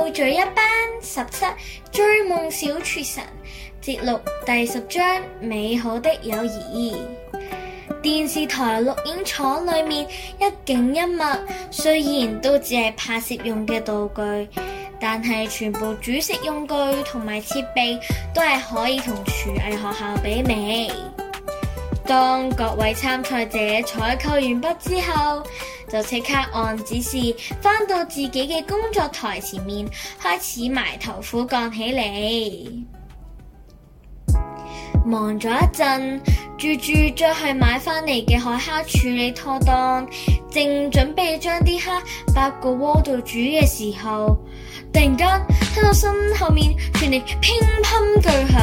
鬥嘴一班十七，追夢小廚神，節錄第十章，美好的友誼。電視台錄影廠裏面一景一物，雖然都只係拍攝用嘅道具，但係全部煮食用具同埋設備都係可以同廚藝學校媲美。當各位參賽者採購完畢之後，就即刻按指示返到自己嘅工作台前面，開始埋頭苦幹起嚟。忙咗一陣，住住將係買返嚟嘅海蝦處理妥當，正準備將啲蝦擺個鍋度煮嘅時候，突然間聽到身後面傳來乒乓巨響，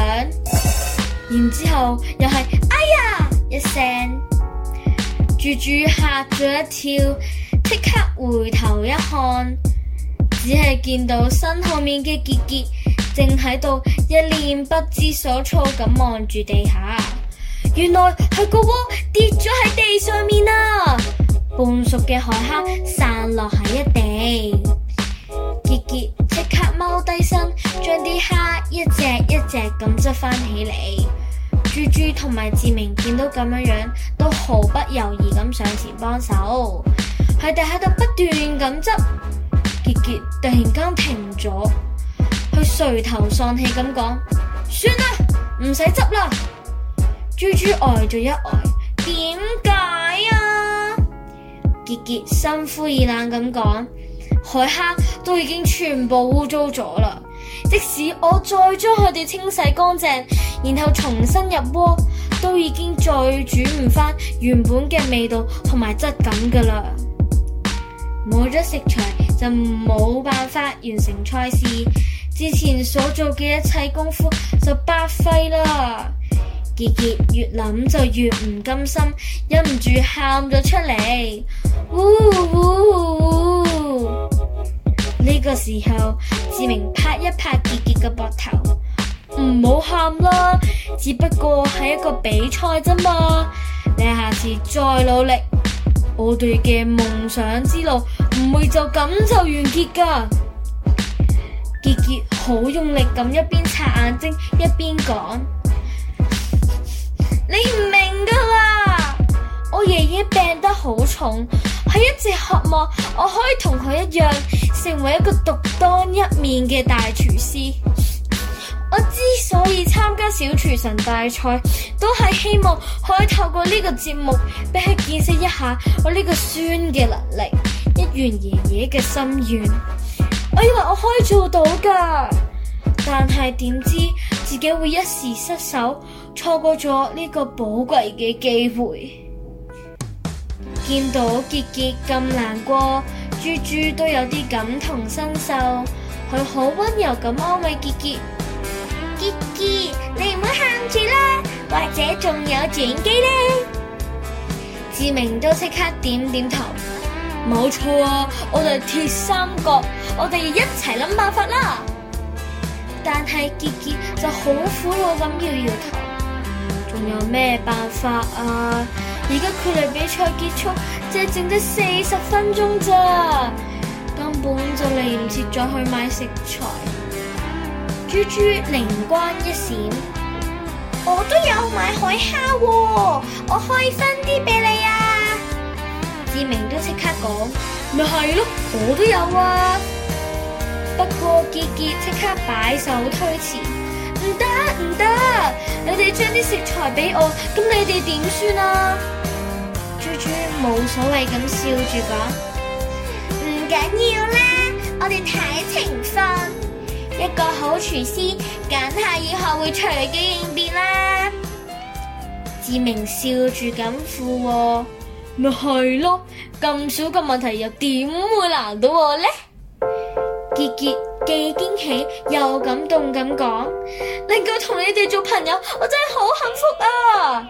然之後又係哎呀一聲。住住嚇咗一跳，即刻回頭一看，只係見到身後面嘅杰杰正喺度一臉不知所措咁望住地下。原來係個窩跌咗喺地上面啊！半熟嘅海蝦散落喺一地，杰杰即刻踎低身，將啲蝦一隻一隻咁執翻起嚟。珠珠同埋志明見到咁樣樣，都毫不猶豫咁上前幫手。佢哋喺度不斷咁執，杰杰突然間停咗，佢垂頭喪氣咁講：算啦，唔使執啦。珠珠呆咗一呆，點解啊？杰杰心灰意冷咁講：海蝦都已經全部污糟咗啦，即使我再將佢哋清洗乾淨。然後重新入鍋都已經再煮唔返原本嘅味道同埋質感噶啦，冇咗食材就冇辦法完成菜式。之前所做嘅一切功夫就白費啦。杰杰越諗就越唔甘心，忍唔住喊咗出嚟。嗚嗚嗚，嗚，嗚，嗚，嗚！呢、這個時候志明拍一拍杰杰嘅膊頭。唔好喊啦，只不過係一個比賽啫嘛。你下次再努力，我哋嘅夢想之路唔會就咁就完結噶。杰杰好用力咁一邊擦眼睛一邊講：「你唔明噶啦，我爺爺病得好重，係一直渴望我可以同佢一樣，成為一個獨當一面嘅大廚師。我之所以參加小廚神大賽，都係希望可以透過呢個節目俾佢見識一下我呢個孫嘅能力，一圓爺爺嘅心願。我以為我可以做到噶，但係點知自己會一時失手，錯過咗呢個寶貴嘅機會。見到傑傑咁難過，豬豬都有啲感同身受，佢好溫柔咁安慰傑傑。傑傑，你唔好喊住啦，或者仲有轉機呢。志明都即刻點點頭，冇錯、嗯、啊，我哋鐵三角，我哋要一齊諗辦法啦。但係傑傑就好苦惱咁搖搖頭，仲有咩辦法啊？而家距離比賽結束，只剩得四十分鐘咋，根本就嚟唔切再去買食材。豬豬靈光一閃，我都有買海蝦喎、啊，我可以分啲俾你啊！志明都即刻講，咪係咯，我都有啊。不過杰杰即刻擺手推辭，唔得唔得，你哋將啲食材俾我，咁你哋點算啊？豬豬冇所謂咁笑住講，唔緊要啦。廚師梗係要學會隨機應變啦。志明笑住咁附：咪係咯，咁、 就是、少個問題又點會難到我咧？傑傑既驚喜又感動咁講：能夠同你哋做朋友，我真係好幸福啊！